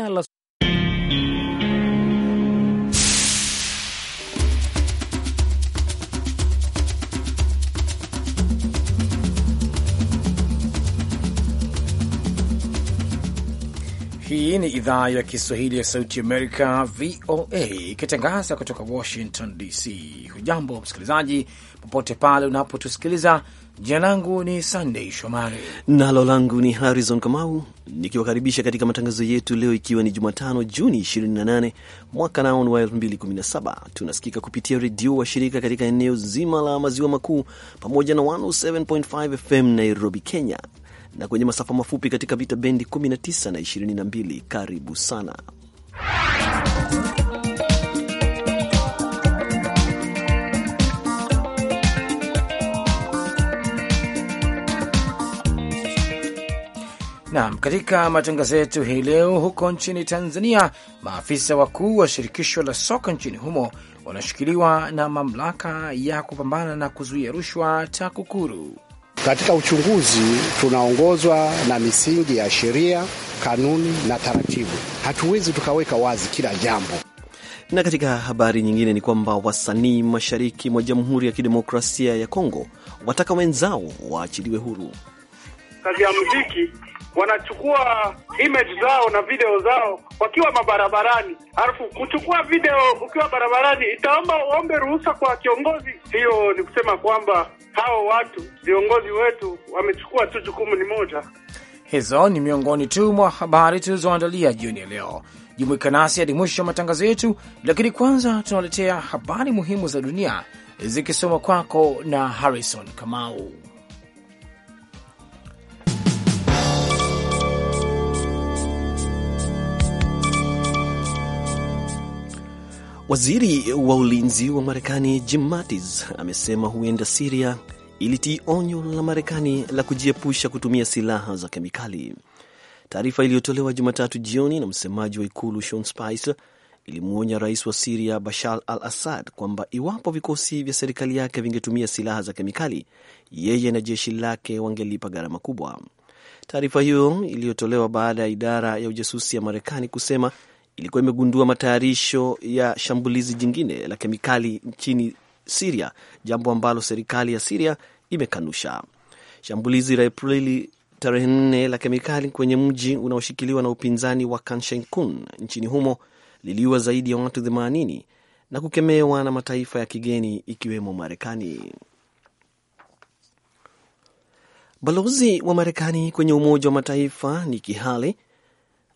La... Hii ni idhaa ya Kiswahili ya Sauti Amerika, VOA, ikitangaza kutoka Washington DC. Hujambo msikilizaji, popote pale unapotusikiliza Jina langu ni Sunday Shomari nalo langu ni Harrison Kamau, nikiwakaribisha katika matangazo yetu leo, ikiwa ni Jumatano Juni 28 mwaka naon wa 2017. Tunasikika kupitia redio wa shirika katika eneo zima la maziwa makuu pamoja na 107.5 FM Nairobi, Kenya, na kwenye masafa mafupi katika vita bendi 19 na 22. Karibu sana Naam, katika matangazo yetu hii leo, huko nchini Tanzania, maafisa wakuu wa shirikisho la soka nchini humo wanashikiliwa na mamlaka ya kupambana na kuzuia rushwa TAKUKURU. Katika uchunguzi tunaongozwa na misingi ya sheria, kanuni na taratibu. Hatuwezi tukaweka wazi kila jambo. Na katika habari nyingine ni kwamba wasanii mashariki mwa Jamhuri ya Kidemokrasia ya Kongo wataka wenzao waachiliwe huru kazi ya muziki wanachukua image zao na video zao wakiwa mabarabarani. Alafu kuchukua video ukiwa barabarani itaomba uombe ruhusa kwa kiongozi. Hiyo ni kusema kwamba hao watu viongozi wetu wamechukua tu jukumu ni moja. Hizo ni miongoni tu mwa habari tulizoandalia jioni ya leo. Jumuika nasi hadi mwisho wa matangazo yetu, lakini kwanza tunawaletea habari muhimu za dunia zikisoma kwako na Harrison Kamau. Waziri wa ulinzi wa Marekani Jim Mattis amesema huenda Siria ilitii onyo la Marekani la kujiepusha kutumia silaha za kemikali. Taarifa iliyotolewa Jumatatu jioni na msemaji wa ikulu Sean Spicer ilimwonya rais wa Siria Bashar al Assad kwamba iwapo vikosi vya serikali yake vingetumia silaha za kemikali, yeye na jeshi lake wangelipa gharama kubwa. Taarifa hiyo iliyotolewa baada ya idara ya ujasusi ya Marekani kusema ilikuwa imegundua matayarisho ya shambulizi jingine la kemikali nchini Siria, jambo ambalo serikali ya Siria imekanusha. Shambulizi la Aprili tarehe nne la kemikali kwenye mji unaoshikiliwa na upinzani wa Kanshenkun nchini humo liliua zaidi ya watu 80 na kukemewa na mataifa ya kigeni ikiwemo Marekani. Balozi wa Marekani kwenye Umoja wa Mataifa Nikki Haley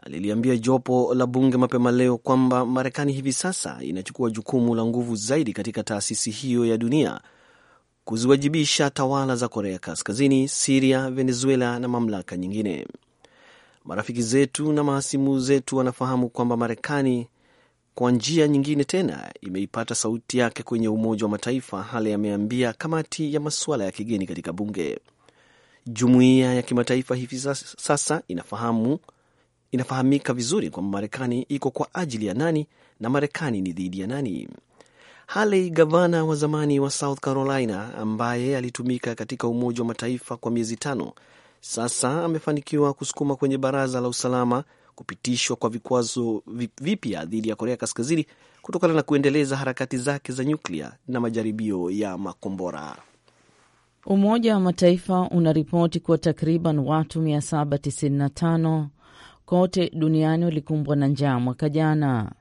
aliliambia jopo la bunge mapema leo kwamba Marekani hivi sasa inachukua jukumu la nguvu zaidi katika taasisi hiyo ya dunia kuziwajibisha tawala za Korea Kaskazini, Siria, Venezuela na mamlaka nyingine. Marafiki zetu na mahasimu zetu wanafahamu kwamba Marekani kwa njia nyingine tena imeipata sauti yake kwenye Umoja wa Mataifa, Hale ameambia kamati ya masuala ya kigeni katika bunge. Jumuiya ya kimataifa hivi sasa inafahamu inafahamika vizuri kwamba Marekani iko kwa ajili ya nani na Marekani ni dhidi ya nani. Haley, gavana wa zamani wa South Carolina ambaye alitumika katika Umoja wa Mataifa kwa miezi tano, sasa amefanikiwa kusukuma kwenye Baraza la Usalama kupitishwa kwa vikwazo vipya dhidi ya Korea Kaskazini kutokana na kuendeleza harakati zake za nyuklia na majaribio ya makombora. Umoja wa Mataifa unaripoti kuwa takriban watu 795 kote duniani walikumbwa na njaa mwaka jana.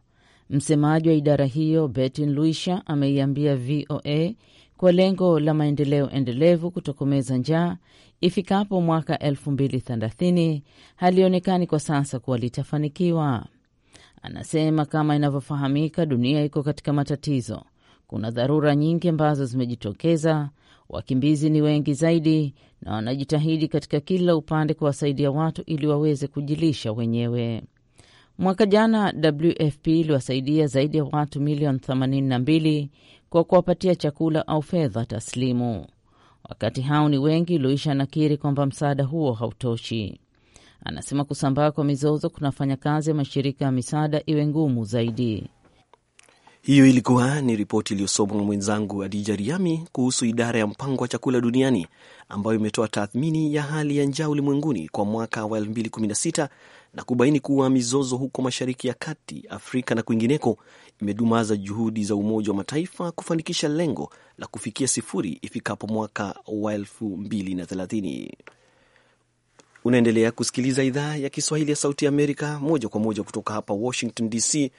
Msemaji wa idara hiyo Bertin Luisha ameiambia VOA kwa lengo la maendeleo endelevu kutokomeza njaa ifikapo mwaka 2030 halionekani kwa sasa kuwa litafanikiwa. Anasema kama inavyofahamika, dunia iko katika matatizo. Kuna dharura nyingi ambazo zimejitokeza Wakimbizi ni wengi zaidi na wanajitahidi katika kila upande kuwasaidia watu ili waweze kujilisha wenyewe. Mwaka jana WFP iliwasaidia zaidi ya watu milioni 82 kwa kuwapatia chakula au fedha taslimu. Wakati hao ni wengi, Luisha anakiri kwamba msaada huo hautoshi. Anasema kusambaa kwa mizozo kunafanya kazi ya mashirika ya misaada iwe ngumu zaidi. Hiyo ilikuwa ni ripoti iliyosomwa na mwenzangu Adija Riami kuhusu idara ya mpango wa chakula duniani ambayo imetoa tathmini ya hali ya njaa ulimwenguni kwa mwaka wa 2016 na kubaini kuwa mizozo huko Mashariki ya Kati, Afrika na kwingineko imedumaza juhudi za Umoja wa Mataifa kufanikisha lengo la kufikia sifuri ifikapo mwaka wa 2030. Unaendelea kusikiliza idhaa ya Kiswahili ya Sauti ya Amerika moja kwa moja kutoka hapa Washington DC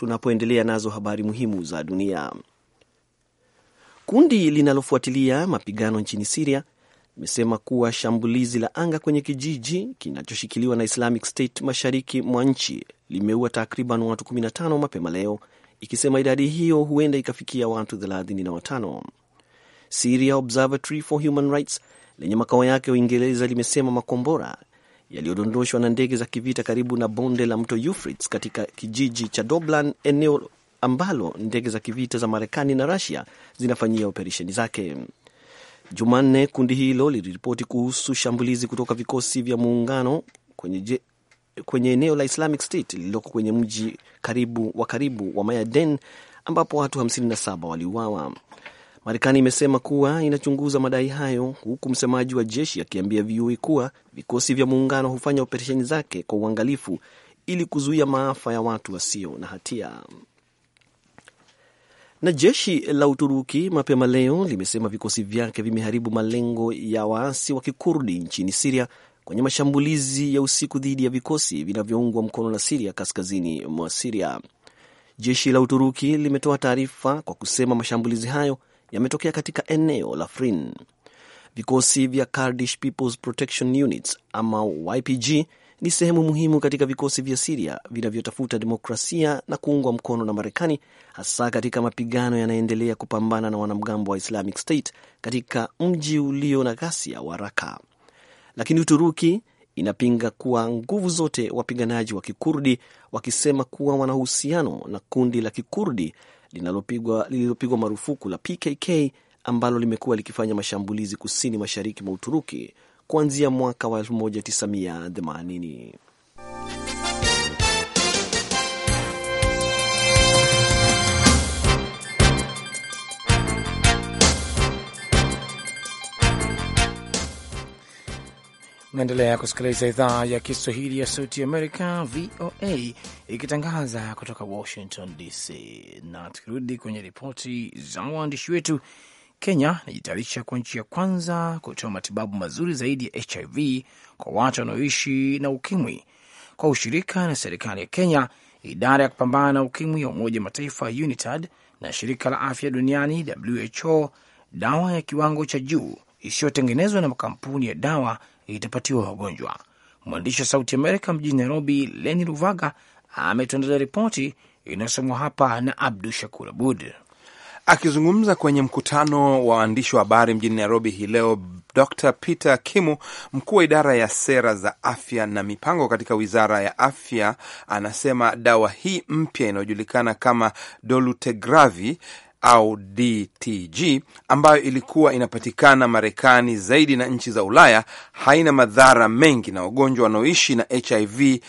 tunapoendelea nazo habari muhimu za dunia. Kundi linalofuatilia mapigano nchini Siria limesema kuwa shambulizi la anga kwenye kijiji kinachoshikiliwa na Islamic State mashariki mwa nchi limeua takriban watu 15 mapema leo, ikisema idadi hiyo huenda ikafikia watu 35. Syria Observatory for Human Rights lenye makao yake Uingereza limesema makombora yaliyodondoshwa na ndege za kivita karibu na bonde la mto Euphrates katika kijiji cha Doblan, eneo ambalo ndege za kivita za Marekani na Rusia zinafanyia operesheni zake. Jumanne kundi hilo liliripoti kuhusu shambulizi kutoka vikosi vya muungano kwenye, je, kwenye eneo la Islamic State lililoko kwenye mji karibu wa karibu wa Mayaden ambapo watu 57 waliuawa. Marekani imesema kuwa inachunguza madai hayo, huku msemaji wa jeshi akiambia VOA kuwa vikosi vya muungano hufanya operesheni zake kwa uangalifu ili kuzuia maafa ya watu wasio na hatia. Na jeshi la Uturuki mapema leo limesema vikosi vyake vimeharibu malengo ya waasi wa kikurdi nchini Siria kwenye mashambulizi ya usiku dhidi ya vikosi vinavyoungwa mkono na Siria kaskazini mwa Siria. Jeshi la Uturuki limetoa taarifa kwa kusema mashambulizi hayo yametokea katika eneo la Afrin. Vikosi vya Kurdish People's Protection Units ama YPG ni sehemu muhimu katika vikosi vya Siria vinavyotafuta demokrasia na kuungwa mkono na Marekani, hasa katika mapigano yanayoendelea kupambana na wanamgambo wa Islamic State katika mji ulio na ghasia wa Raka. Lakini Uturuki inapinga kuwa nguvu zote wapiganaji wa Kikurdi, wakisema kuwa wana uhusiano na kundi la Kikurdi lililopigwa marufuku la PKK ambalo limekuwa likifanya mashambulizi kusini mashariki mwa Uturuki kuanzia mwaka wa 1980. Naendelea kusikiliza idhaa ya Kiswahili ya Sauti Amerika, VOA, ikitangaza kutoka Washington DC. Na tukirudi kwenye ripoti za waandishi wetu, Kenya inajitayarisha kwa nchi ya kwanza kutoa matibabu mazuri zaidi ya HIV kwa watu wanaoishi na ukimwi kwa ushirika na serikali ya Kenya, idara ya kupambana na ukimwi ya Umoja Mataifa UNITAD na shirika la afya duniani WHO. Dawa ya kiwango cha juu isiyotengenezwa na makampuni ya dawa itapatiwa wagonjwa. Mwandishi wa Sauti Amerika mjini Nairobi, Leni Ruvaga ametuandalia ripoti inayosomwa hapa na Abdu Shakur Abud. Akizungumza kwenye mkutano wa waandishi wa habari mjini Nairobi hii leo, Dr Peter Kimu, mkuu wa idara ya sera za afya na mipango katika wizara ya afya, anasema dawa hii mpya inayojulikana kama dolutegravi au DTG ambayo ilikuwa inapatikana Marekani zaidi na nchi za Ulaya haina madhara mengi, na wagonjwa wanaoishi na HIV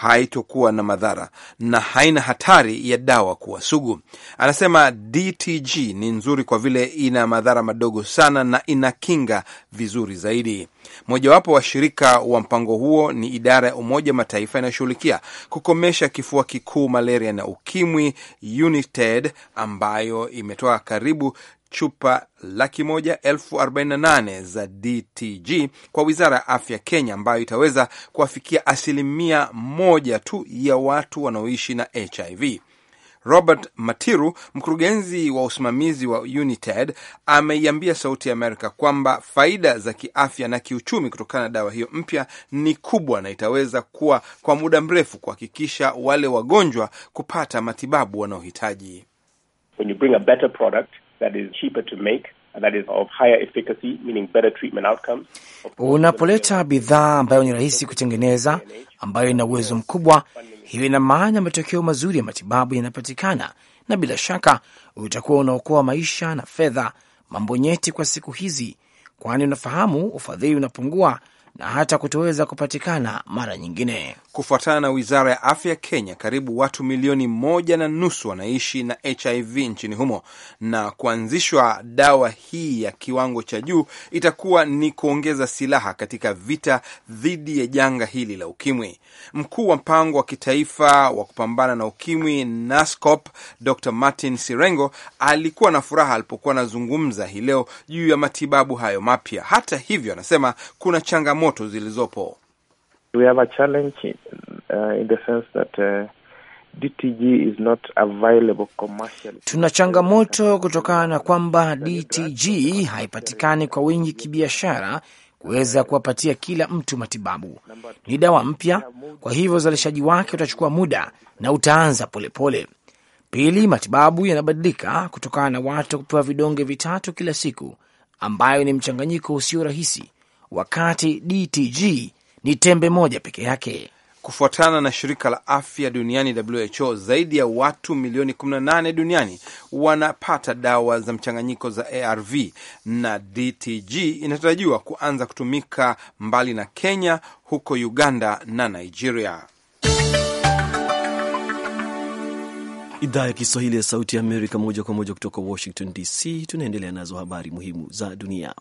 haitokuwa na madhara na haina hatari ya dawa kuwa sugu. Anasema DTG ni nzuri kwa vile ina madhara madogo sana na inakinga vizuri zaidi. Mojawapo washirika wa mpango huo ni idara ya Umoja Mataifa inayoshughulikia kukomesha kifua kikuu, malaria na ukimwi, UNITED, ambayo imetoa karibu chupa laki moja elfu arobaini na nane za DTG kwa wizara ya afya Kenya, ambayo itaweza kuwafikia asilimia moja tu ya watu wanaoishi na HIV. Robert Matiru, mkurugenzi wa usimamizi wa United, ameiambia Sauti ya Amerika kwamba faida za kiafya na kiuchumi kutokana na dawa hiyo mpya ni kubwa na itaweza kuwa kwa muda mrefu kuhakikisha wale wagonjwa kupata matibabu wanaohitaji. When you bring a better product that is cheaper to make that is of higher efficacy meaning better treatment outcomes. Unapoleta bidhaa ambayo ni rahisi kutengeneza, ambayo ina uwezo mkubwa, hiyo ina maana matokeo mazuri ya matibabu yanapatikana, na bila shaka utakuwa unaokoa maisha na fedha, mambo nyeti kwa siku hizi, kwani unafahamu ufadhili unapungua na hata kutoweza kupatikana mara nyingine. Kufuatana na wizara ya afya Kenya, karibu watu milioni moja na nusu wanaishi na HIV nchini humo, na kuanzishwa dawa hii ya kiwango cha juu itakuwa ni kuongeza silaha katika vita dhidi ya janga hili la ukimwi. Mkuu wa mpango wa kitaifa wa kupambana na ukimwi NASCOP, Dr Martin Sirengo alikuwa na furaha alipokuwa anazungumza hii leo juu ya matibabu hayo mapya. Hata hivyo, anasema kuna changamoto changamoto zilizopo? We have a challenge uh, in the sense that uh, DTG is not available commercially. Tuna changamoto kutokana na kwamba DTG haipatikani kwa wingi kibiashara kuweza kuwapatia kila mtu matibabu. Ni dawa mpya, kwa hivyo uzalishaji wake utachukua muda na utaanza polepole pole. Pili, matibabu yanabadilika kutokana na watu kupewa vidonge vitatu kila siku, ambayo ni mchanganyiko usio rahisi wakati DTG ni tembe moja peke yake. Kufuatana na shirika la afya duniani WHO, zaidi ya watu milioni 18 duniani wanapata dawa za mchanganyiko za ARV na DTG inatarajiwa kuanza kutumika mbali na Kenya, huko Uganda na Nigeria. Idhaa ya Kiswahili ya Sauti ya Amerika, moja kwa moja kutoka Washington DC. Tunaendelea nazo habari muhimu za dunia.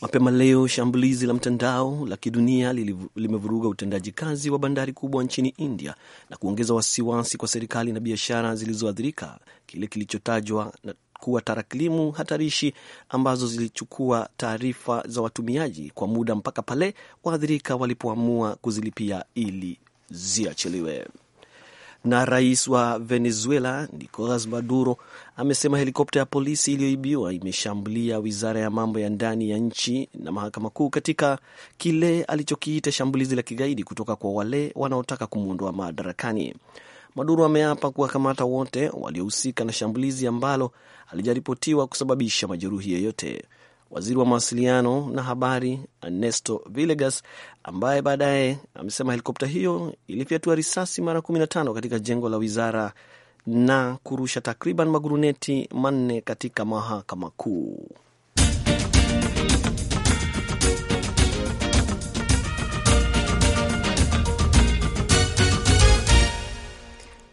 Mapema leo shambulizi la mtandao la kidunia limevuruga utendaji kazi wa bandari kubwa nchini India na kuongeza wasiwasi kwa serikali na biashara zilizoathirika, kile kilichotajwa kuwa tarakilimu hatarishi ambazo zilichukua taarifa za watumiaji kwa muda mpaka pale waathirika walipoamua kuzilipia ili ziachiliwe na rais wa Venezuela Nicolas Maduro amesema helikopta ya polisi iliyoibiwa imeshambulia wizara ya mambo ya ndani ya nchi na mahakama kuu katika kile alichokiita shambulizi la kigaidi kutoka kwa wale wanaotaka kumwondoa madarakani. Maduro ameapa kuwakamata wote waliohusika na shambulizi ambalo alijaripotiwa kusababisha majeruhi yeyote. Waziri wa mawasiliano na habari Ernesto Villegas, ambaye baadaye amesema helikopta hiyo ilifyatua risasi mara 15 katika jengo la wizara na kurusha takriban maguruneti manne katika mahakama kuu.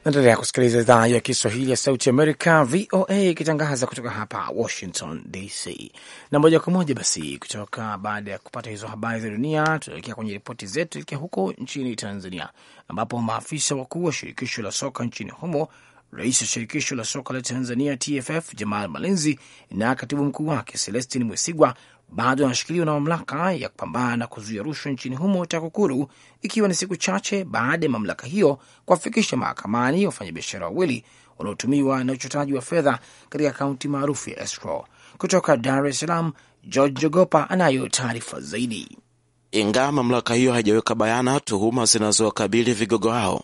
Naendelea kusikiliza idhaa ya Kiswahili ya Sauti Amerika, VOA, ikitangaza kutoka hapa Washington DC na moja kwa moja. Basi kutoka baada ya kupata hizo habari za dunia, tunaelekea kwenye ripoti zetu, elekea huko nchini Tanzania, ambapo maafisa wakuu wa shirikisho la soka nchini humo Rais wa shirikisho la soka la Tanzania TFF Jamal Malinzi na katibu mkuu wake Celestin Mwesigwa bado wanashikiliwa na mamlaka ya kupambana na kuzuia rushwa nchini humo TAKUKURU, ikiwa ni siku chache baada ya mamlaka hiyo kuwafikisha mahakamani wafanyabiashara wawili wanaotumiwa na uchotaji wa fedha katika kaunti maarufu ya escrow. Kutoka Dar es Salaam, George Jogopa anayo taarifa zaidi. Ingawa mamlaka hiyo haijaweka bayana tuhuma zinazowakabili vigogo hao,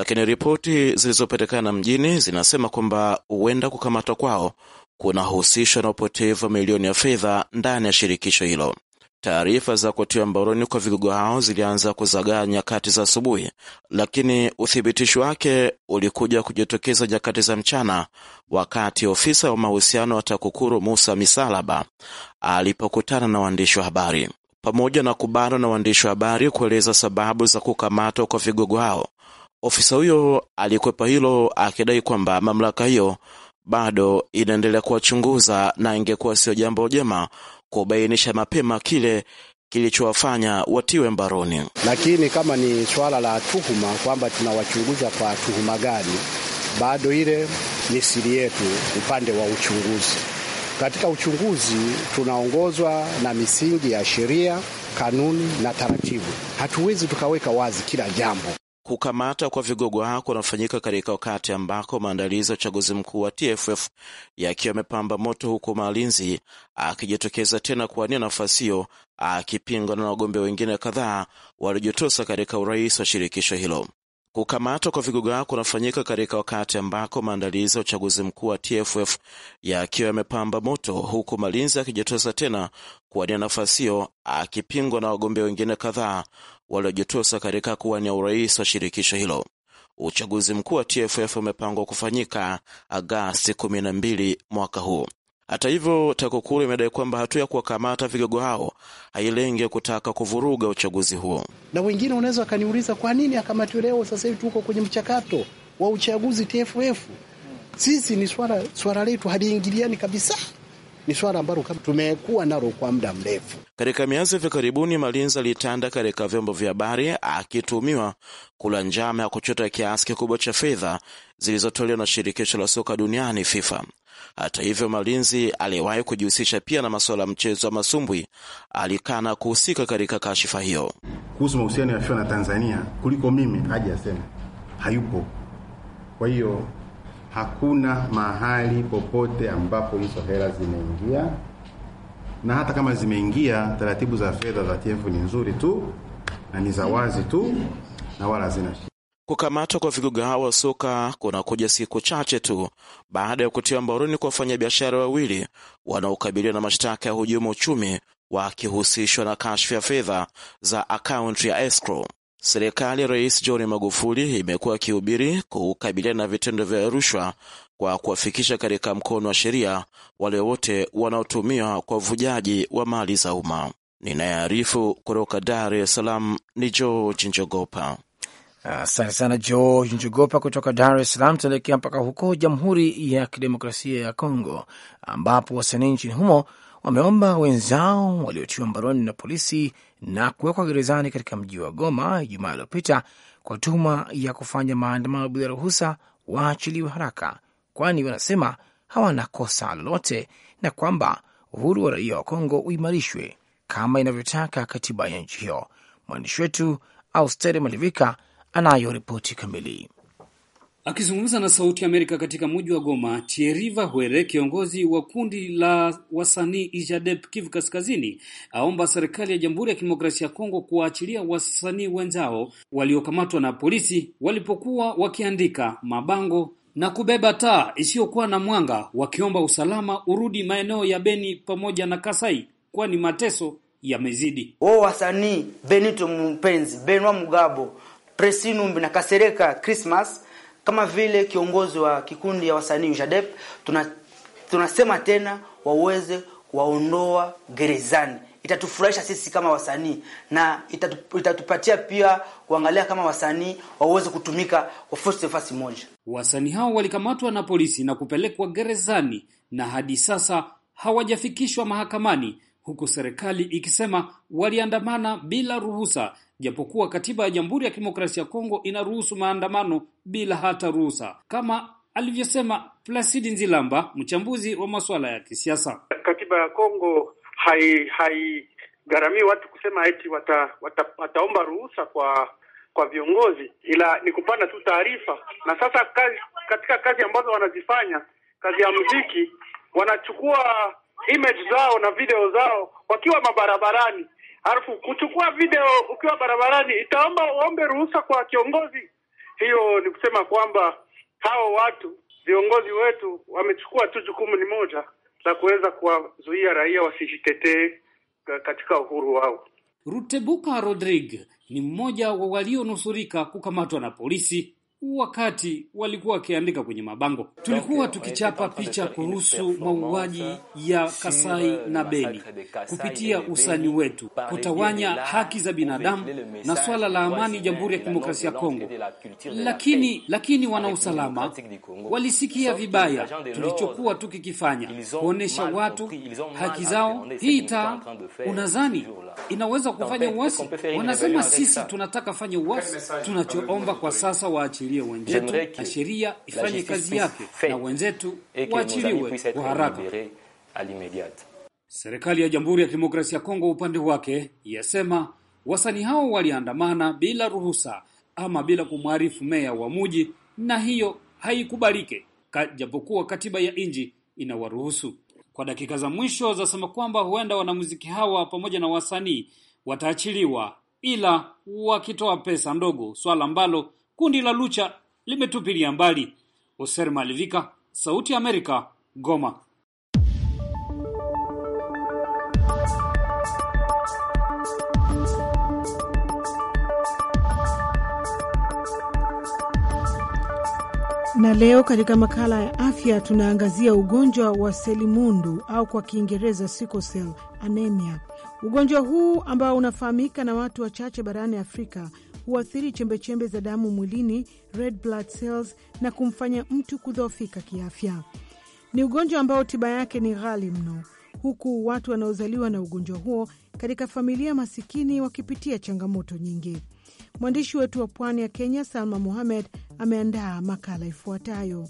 lakini ripoti zilizopatikana mjini zinasema kwamba huenda kukamatwa kwao kunahusishwa na upotevu wa milioni ya fedha ndani ya shirikisho hilo. Taarifa za kutiwa mbaroni kwa vigogo hao zilianza kuzagaa nyakati za asubuhi, lakini uthibitisho wake ulikuja kujitokeza nyakati za mchana, wakati ofisa wa mahusiano wa TAKUKURU Musa Misalaba alipokutana na waandishi wa habari. Pamoja na kubana na waandishi wa habari kueleza sababu za kukamatwa kwa vigogo hao, Ofisa huyo alikwepa hilo akidai kwamba mamlaka hiyo bado inaendelea kuwachunguza na ingekuwa sio jambo jema kubainisha mapema kile kilichowafanya watiwe mbaroni. Lakini kama ni swala la tuhuma kwamba tunawachunguza kwa tuhuma gani, bado ile ni siri yetu upande wa uchunguzi. Katika uchunguzi tunaongozwa na misingi ya sheria, kanuni na taratibu. Hatuwezi tukaweka wazi kila jambo kukamata kwa vigogo hao kunafanyika katika wakati ambako maandalizi ya uchaguzi mkuu wa TFF yakiwa yamepamba moto, huku Malinzi akijitokeza tena kuwania nafasi hiyo akipingwa na wagombea wengine kadhaa waliojitosa katika urais wa shirikisho hilo. Kukamatwa kwa vigogo hao kunafanyika katika wakati ambako maandalizi ya uchaguzi mkuu wa TFF yakiwa yamepamba moto, huku Malinzi akijitosa tena kuwania nafasi hiyo akipingwa na wagombea wengine kadhaa waliojitosa katika kuwania urais wa shirikisho hilo. Uchaguzi mkuu wa TFF umepangwa kufanyika Agasti mbili mwaka huu. Hata hivyo, TAKUKURU imedai kwamba hatua ya kuwakamata vigogo hao hailengi kutaka kuvuruga uchaguzi huo. Na wengine unaweza wakaniuliza kwa nini akamatwe leo? Sasa hivi tuko kwenye mchakato wa uchaguzi TFF, sisi ni swala swala letu, haliingiliani kabisa ni swala ambalo tumekuwa nalo kwa muda mrefu. Katika miezi hivi karibuni, malinzi alitanda katika vyombo vya habari akitumiwa kula njama ya kuchota kiasi kikubwa cha fedha zilizotolewa na shirikisho la soka duniani FIFA. Hata hivyo, Malinzi aliyewahi kujihusisha pia na masuala ya mchezo wa masumbwi alikana kuhusika katika kashifa hiyo. Kuhusu mahusiano ya FIFA na Tanzania, kuliko mimi aje aseme hayupo. Kwa hiyo hakuna mahali popote ambapo hizo hela zimeingia, na hata kama zimeingia, taratibu za fedha za TF ni nzuri tu na ni za wazi tu na wala hazina Kukamatwa kwa vigogo hao wa soka kunakuja siku chache tu baada ya kutiwa mbaroni kwa wafanyabiashara wawili wanaokabiliwa na mashtaka ya hujuma uchumi wakihusishwa na kashfu ya fedha za akaunti ya escrow. Serikali ya Rais John Magufuli imekuwa ikihubiri kukabiliana na vitendo vya rushwa kwa kuwafikisha katika mkono wa sheria wale wote wanaotumiwa kwa uvujaji wa mali za umma. Ninayearifu kutoka Dar es Salaam ni George Njogopa. Asante sana George Njogopa kutoka Dar es Salaam. Tunaelekea mpaka huko Jamhuri ya Kidemokrasia ya Kongo ambapo wasanii nchini humo wameomba wenzao waliotiwa mbaroni na polisi na kuwekwa gerezani katika mji wa Goma Ijumaa iliyopita kwa tuhuma ya kufanya maandamano bila ruhusa waachiliwe haraka, kwani wanasema hawana kosa lolote na kwamba uhuru wa raia wa Kongo uimarishwe kama inavyotaka katiba ya nchi hiyo. Mwandishi wetu Austeri Malivika anayo ripoti kamili. Akizungumza na Sauti Amerika katika mji wa Goma, Thierry Vahwere, kiongozi wa kundi la wasanii Ijadep Kivu Kaskazini, aomba serikali ya Jamhuri ya Kidemokrasia ya Kongo kuwaachilia wasanii wenzao waliokamatwa na polisi walipokuwa wakiandika mabango na kubeba taa isiyokuwa na mwanga, wakiomba usalama urudi maeneo ya Beni pamoja na Kasai, kwani mateso yamezidi. o wasanii Benito Mpenzi, Benwa Mugabo, Presinumbi na Kasereka Christmas kama vile kiongozi wa kikundi ya wasanii Jadep, tuna tunasema tena waweze kuwaondoa gerezani. Itatufurahisha sisi kama wasanii na itatupatia pia kuangalia kama wasanii waweze kutumika kwa fursa fasi moja. Wasanii hao walikamatwa na polisi na kupelekwa gerezani na hadi sasa hawajafikishwa mahakamani huku serikali ikisema waliandamana bila ruhusa, japokuwa katiba ya Jamhuri ya Kidemokrasia ya Kongo inaruhusu maandamano bila hata ruhusa, kama alivyosema Plasidi Nzilamba, mchambuzi wa masuala ya kisiasa. Katiba ya Kongo hai haigharamii watu kusema eti wata, wata, wataomba ruhusa kwa kwa viongozi, ila ni kupana tu taarifa. Na sasa kazi, katika kazi ambazo wanazifanya kazi ya muziki wanachukua image zao na video zao wakiwa mabarabarani. Alafu kuchukua video ukiwa barabarani itaomba uombe ruhusa kwa kiongozi. Hiyo ni kusema kwamba hao watu viongozi wetu wamechukua tu jukumu ni moja la kuweza kuwazuia raia wasijitetee katika uhuru wao. Rutebuka Rodrigue ni mmoja wa walionusurika kukamatwa na polisi wakati walikuwa wakiandika kwenye mabango. Tulikuwa tukichapa picha kuhusu mauaji ya Kasai na Beni kupitia usani wetu, kutawanya haki za binadamu na swala la amani Jamhuri ya Kidemokrasia ya Kongo. Lakini lakini wana usalama walisikia vibaya tulichokuwa tukikifanya, kuonesha watu haki zao. Hii taa unazani inaweza kufanya uasi? Wanasema sisi tunataka fanya uasi. Tunachoomba kwa sasa waachi sheria wenzetu na sheria ifanye kazi yake na wenzetu waachiliwe kwa haraka. Serikali ya Jamhuri ya Kidemokrasia ya Kongo upande wake yasema wasanii hao waliandamana bila ruhusa ama bila kumwarifu meya wa muji, na hiyo haikubalike, japokuwa katiba ya nchi inawaruhusu. Kwa dakika za mwisho zasema kwamba huenda wanamuziki hawa pamoja na wasanii wataachiliwa ila wakitoa pesa ndogo, swala ambalo kundi la Lucha limetupilia mbali. Oser Malivika, Sauti ya Amerika, Goma. Na leo katika makala ya afya tunaangazia ugonjwa wa selimundu au kwa Kiingereza sickle cell anemia. Ugonjwa huu ambao unafahamika na watu wachache barani Afrika huathiri chembechembe za damu mwilini, red blood cells, na kumfanya mtu kudhoofika kiafya. Ni ugonjwa ambao tiba yake ni ghali mno, huku watu wanaozaliwa na ugonjwa huo katika familia masikini wakipitia changamoto nyingi. Mwandishi wetu wa pwani ya Kenya, Salma Mohamed, ameandaa makala ifuatayo.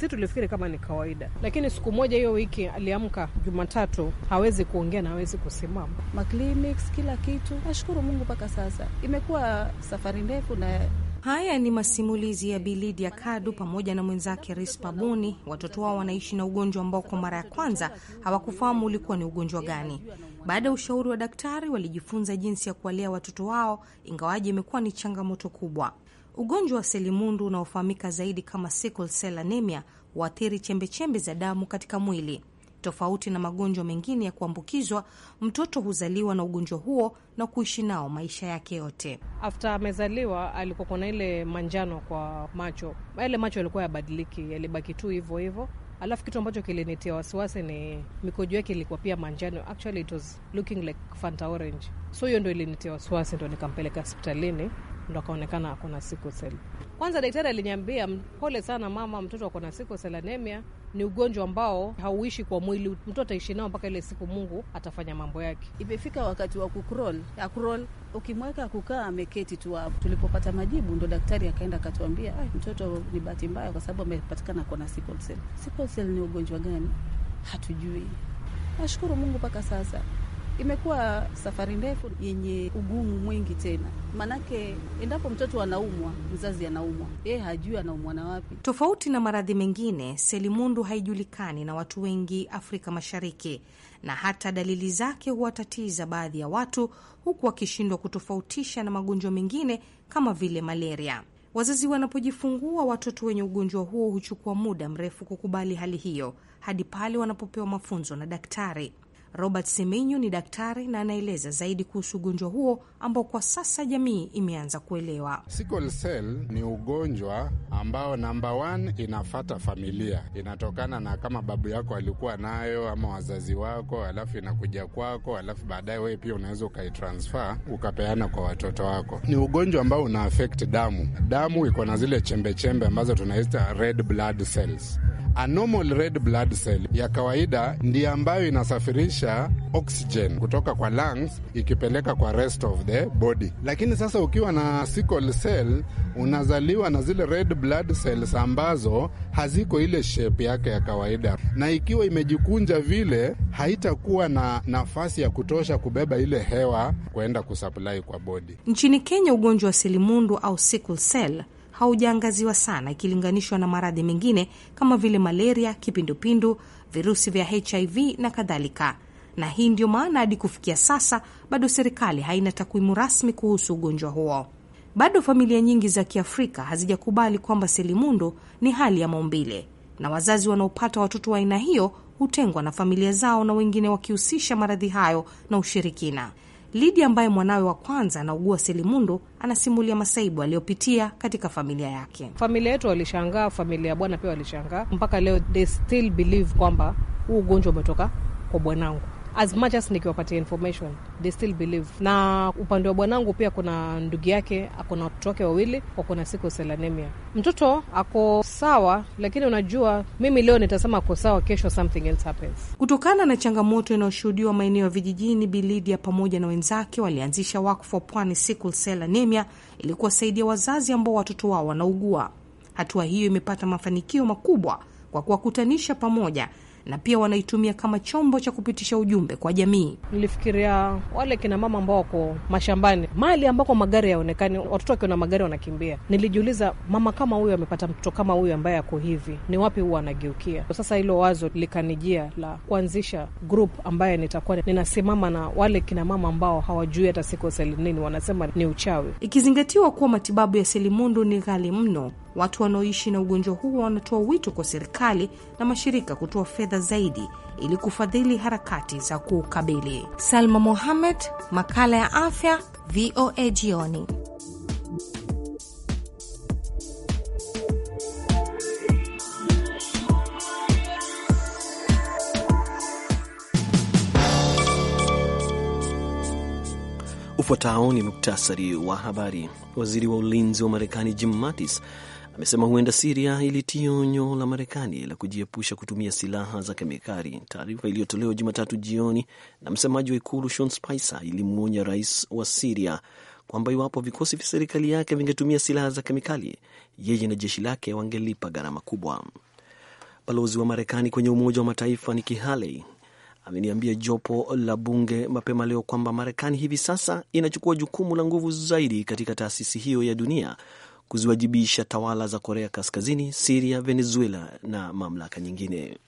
Sisi tulifikiri kama ni kawaida, lakini siku moja hiyo wiki aliamka Jumatatu, hawezi kuongea na hawezi kusimama, maclinics kila kitu. Nashukuru Mungu mpaka sasa, imekuwa safari ndefu na Haya ni masimulizi ya ya Kadu pamoja na mwenzake Rispa Buni. Watoto wao wanaishi na ugonjwa ambao kwa mara ya kwanza hawakufahamu ulikuwa ni ugonjwa gani. Baada ya ushauri wa daktari, walijifunza jinsi ya kuwalea watoto wao, ingawaji imekuwa ni changamoto kubwa. Ugonjwa wa selimundu unaofahamika zaidi kama sickle cell anemia huathiri chembechembe za damu katika mwili. Tofauti na magonjwa mengine ya kuambukizwa, mtoto huzaliwa na ugonjwa huo na kuishi nao maisha yake yote. After amezaliwa alikuwa na ile manjano kwa macho, yale macho yalikuwa yabadiliki, yalibaki tu hivyo hivyo. Alafu kitu ambacho kilinitia wasiwasi ni mikojo yake ilikuwa pia manjano, actually it was looking like Fanta orange. So hiyo ndo ilinitia wasiwasi, ndo nikampeleka hospitalini ndo akaonekana hakuna sickle cell. Kwanza daktari aliniambia pole sana mama, mtoto ako na sickle cell anemia. Ni ugonjwa ambao hauishi kwa mwili, mtu ataishi nao mpaka ile siku Mungu atafanya mambo yake. Imefika wakati wa kukrol akrol, ukimweka kukaa ameketi tu hapo. Tulipopata majibu, ndo daktari akaenda akatuambia, mtoto ni bahati mbaya kwa sababu amepatikana kona sickle cell. Sickle cell ni ugonjwa gani? Hatujui. Nashukuru Mungu mpaka sasa Imekuwa safari ndefu yenye ugumu mwingi tena, manake endapo mtoto anaumwa, mzazi anaumwa, yeye hajui anaumwa na wapi. Tofauti na maradhi mengine, selimundu haijulikani na watu wengi Afrika Mashariki, na hata dalili zake huwatatiza baadhi ya watu, huku wakishindwa kutofautisha na magonjwa mengine kama vile malaria. Wazazi wanapojifungua watoto wenye ugonjwa huo huchukua muda mrefu kukubali hali hiyo hadi pale wanapopewa mafunzo na daktari. Robert Semenyu ni daktari na anaeleza zaidi kuhusu ugonjwa huo ambao kwa sasa jamii imeanza kuelewa. Sickle cell ni ugonjwa ambao namba one inafata familia, inatokana na kama babu yako alikuwa nayo ama wazazi wako, alafu inakuja kwako, alafu baadaye wewe pia unaweza ukaitransfer ukapeana kwa watoto wako. Ni ugonjwa ambao una affect damu. Damu iko na zile chembechembe ambazo tunaita red blood cells. A normal red blood cell ya kawaida ndiyo ambayo inasafirisha inazalisha oxygen kutoka kwa lungs ikipeleka kwa rest of the body. Lakini sasa ukiwa na sickle cell unazaliwa na zile red blood cells ambazo haziko ile shape yake ya kawaida, na ikiwa imejikunja vile haitakuwa na nafasi ya kutosha kubeba ile hewa kwenda kusupply kwa body. Nchini Kenya ugonjwa wa selimundu au sickle cell haujaangaziwa sana ikilinganishwa na maradhi mengine kama vile malaria, kipindupindu, virusi vya HIV na kadhalika na hii ndio maana hadi kufikia sasa bado serikali haina takwimu rasmi kuhusu ugonjwa huo. Bado familia nyingi za Kiafrika hazijakubali kwamba selimundu ni hali ya maumbile, na wazazi wanaopata watoto wa aina hiyo hutengwa na familia zao, na wengine wakihusisha maradhi hayo na ushirikina. Lidi ambaye mwanawe wa kwanza anaugua selimundu anasimulia masaibu aliyopitia katika familia yake. Familia yetu walishangaa, familia ya bwana pia walishangaa. Mpaka leo they still believe kwamba huu ugonjwa umetoka kwa bwanangu as much as nikiwapatia information they still believe. Na upande wa bwanangu pia kuna ndugu yake ako na watoto wake wawili wako na sickle cell anemia. Mtoto ako sawa, lakini unajua mimi leo nitasema ako sawa, kesho something else happens. Kutokana na changamoto inayoshuhudiwa maeneo ya vijijini, Bilidia pamoja na wenzake walianzisha wakfu wa Pwani Sickle Cell Anemia ili kuwasaidia wazazi ambao watoto wao wanaugua. Hatua hiyo imepata mafanikio makubwa kwa kuwakutanisha pamoja na pia wanaitumia kama chombo cha kupitisha ujumbe kwa jamii. Nilifikiria wale kina mama ambao wako mashambani, mahali ambako magari yaonekani, watoto wakiwa na magari wanakimbia. Nilijiuliza, mama kama huyu amepata mtoto kama huyu ambaye ako hivi, ni wapi huwa anageukia? Sasa hilo wazo likanijia la kuanzisha grup ambaye nitakuwa ninasimama na wale kina mama ambao hawajui hata siko cell nini, wanasema ni uchawi, ikizingatiwa kuwa matibabu ya selimundu ni ghali mno. Watu wanaoishi na ugonjwa huo wanatoa wito kwa serikali na mashirika kutoa fedha zaidi ili kufadhili harakati za kuukabili. Salma Mohamed, makala ya afya, VOA jioni. Ufuatao ni muktasari wa habari. Waziri wa ulinzi wa Marekani Jim Mattis amesema huenda Siria ilitia onyo la Marekani la kujiepusha kutumia silaha za kemikali. Taarifa iliyotolewa Jumatatu jioni na msemaji wa ikulu Sean Spicer ilimwonya rais wa Siria kwamba iwapo vikosi vya serikali yake vingetumia silaha za kemikali, yeye na jeshi lake wangelipa gharama kubwa. Balozi wa Marekani kwenye Umoja wa Mataifa Nikki Haley ameniambia jopo la bunge mapema leo kwamba Marekani hivi sasa inachukua jukumu la nguvu zaidi katika taasisi hiyo ya dunia kuziwajibisha tawala za Korea Kaskazini, Siria, Venezuela na mamlaka nyingine.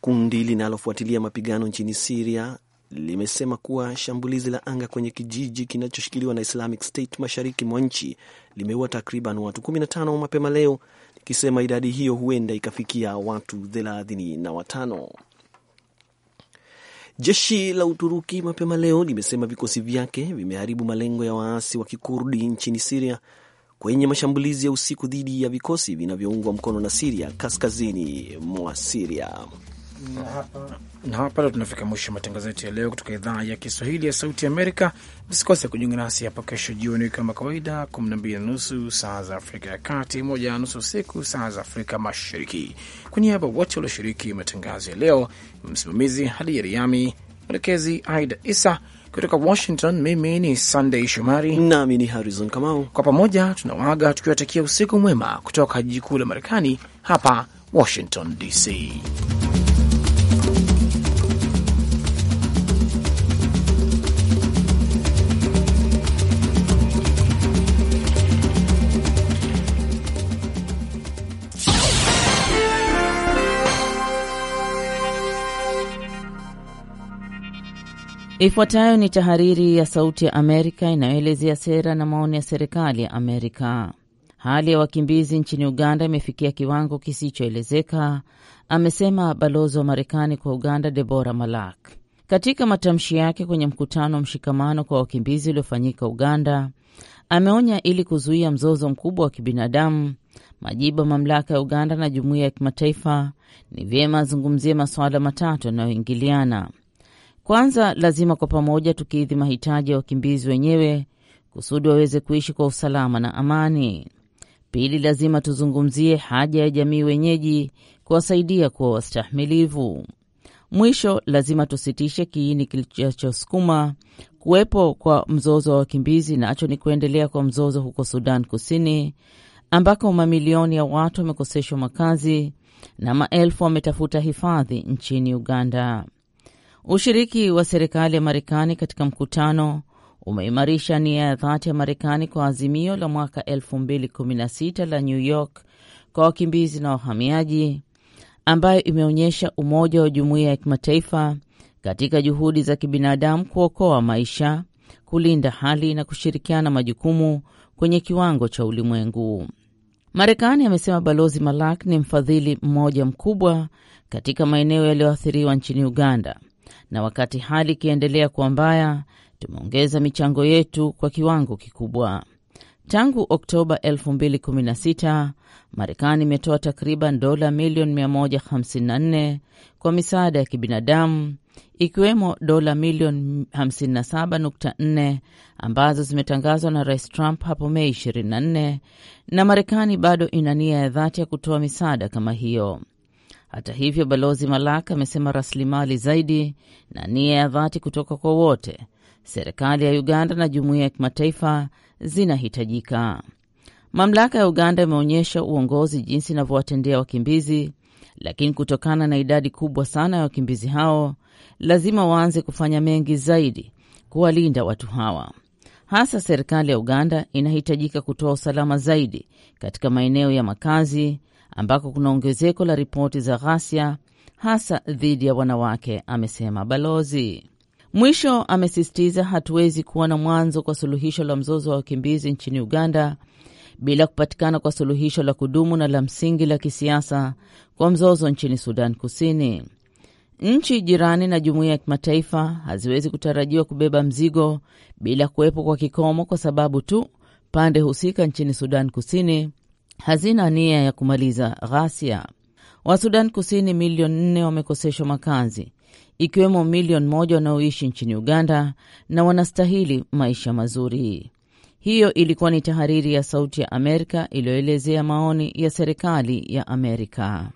Kundi linalofuatilia mapigano nchini Siria limesema kuwa shambulizi la anga kwenye kijiji kinachoshikiliwa na Islamic State mashariki mwa nchi limeua takriban watu 15 mapema leo, ikisema idadi hiyo huenda ikafikia watu 35. watano. Jeshi la Uturuki mapema leo limesema vikosi vyake vimeharibu malengo ya waasi wa kikurdi nchini Siria kwenye mashambulizi ya usiku dhidi ya vikosi vinavyoungwa mkono na Siria kaskazini mwa Siria. Na hapa ndo tunafika mwisho matangazo yetu ya leo kutoka idhaa ya Kiswahili ya Sauti Amerika. Msikose kujiunga nasi hapo kesho jioni kama kawaida, 12 na nusu saa za Afrika ya Kati, moja na nusu usiku saa za Afrika Mashariki. Kwa niaba wote walioshiriki matangazo ya leo, msimamizi Hadi Yariami, mwelekezi Aida Isa. Kutoka Washington, mimi ni Sunday Shomari nami ni Harrison Kamau. Kwa pamoja tunawaaga tukiwatakia usiku mwema kutoka jiji kuu la Marekani, hapa Washington DC. Ifuatayo ni tahariri ya Sauti ya Amerika inayoelezea sera na maoni ya serikali ya Amerika. Hali ya wakimbizi nchini Uganda imefikia kiwango kisichoelezeka, amesema balozi wa Marekani kwa Uganda Debora Malak katika matamshi yake kwenye mkutano wa mshikamano kwa wakimbizi uliofanyika Uganda. Ameonya ili kuzuia mzozo mkubwa wa kibinadamu, majibu ya mamlaka ya Uganda na jumuiya ya kimataifa ni vyema azungumzie masuala matatu yanayoingiliana: kwanza lazima kwa pamoja tukidhi mahitaji ya wakimbizi wenyewe kusudi waweze kuishi kwa usalama na amani. Pili, lazima tuzungumzie haja ya jamii wenyeji kuwasaidia kuwa wastahimilivu. Mwisho, lazima tusitishe kiini kilichosukuma kuwepo kwa mzozo wa wakimbizi, nacho ni kuendelea kwa mzozo huko Sudan Kusini, ambako mamilioni ya watu wamekoseshwa makazi na maelfu wametafuta hifadhi nchini Uganda. Ushiriki wa serikali ya Marekani katika mkutano umeimarisha nia ya dhati ya Marekani kwa azimio la mwaka 2016 la New York kwa wakimbizi na wahamiaji, ambayo imeonyesha umoja wa jumuiya ya kimataifa katika juhudi za kibinadamu kuokoa maisha, kulinda hali na kushirikiana majukumu kwenye kiwango cha ulimwengu. Marekani amesema Balozi Malak ni mfadhili mmoja mkubwa katika maeneo yaliyoathiriwa nchini Uganda na wakati hali ikiendelea kuwa mbaya, tumeongeza michango yetu kwa kiwango kikubwa. Tangu Oktoba 2016 Marekani imetoa takriban dola milioni 154 kwa misaada ya kibinadamu ikiwemo dola milioni 57.4 ambazo zimetangazwa na Rais Trump hapo Mei 24, na Marekani bado ina nia ya dhati ya kutoa misaada kama hiyo. Hata hivyo, balozi Malak amesema rasilimali zaidi na nia ya dhati kutoka kwa wote, serikali ya Uganda na jumuiya ya kimataifa zinahitajika. Mamlaka ya Uganda imeonyesha uongozi jinsi inavyowatendea wakimbizi, lakini kutokana na idadi kubwa sana ya wakimbizi hao, lazima waanze kufanya mengi zaidi kuwalinda watu hawa. Hasa serikali ya Uganda inahitajika kutoa usalama zaidi katika maeneo ya makazi, ambako kuna ongezeko la ripoti za ghasia hasa dhidi ya wanawake, amesema balozi. Mwisho amesisitiza, hatuwezi kuwa na mwanzo kwa suluhisho la mzozo wa wakimbizi nchini Uganda bila kupatikana kwa suluhisho la kudumu na la msingi la kisiasa kwa mzozo nchini Sudan Kusini. Nchi jirani na jumuiya ya kimataifa haziwezi kutarajiwa kubeba mzigo bila kuwepo kwa kikomo, kwa sababu tu pande husika nchini Sudan Kusini hazina nia ya kumaliza ghasia. Wasudan Kusini milioni nne wamekoseshwa makazi, ikiwemo milioni moja wanaoishi nchini Uganda na wanastahili maisha mazuri. Hiyo ilikuwa ni tahariri ya Sauti ya Amerika iliyoelezea maoni ya serikali ya Amerika.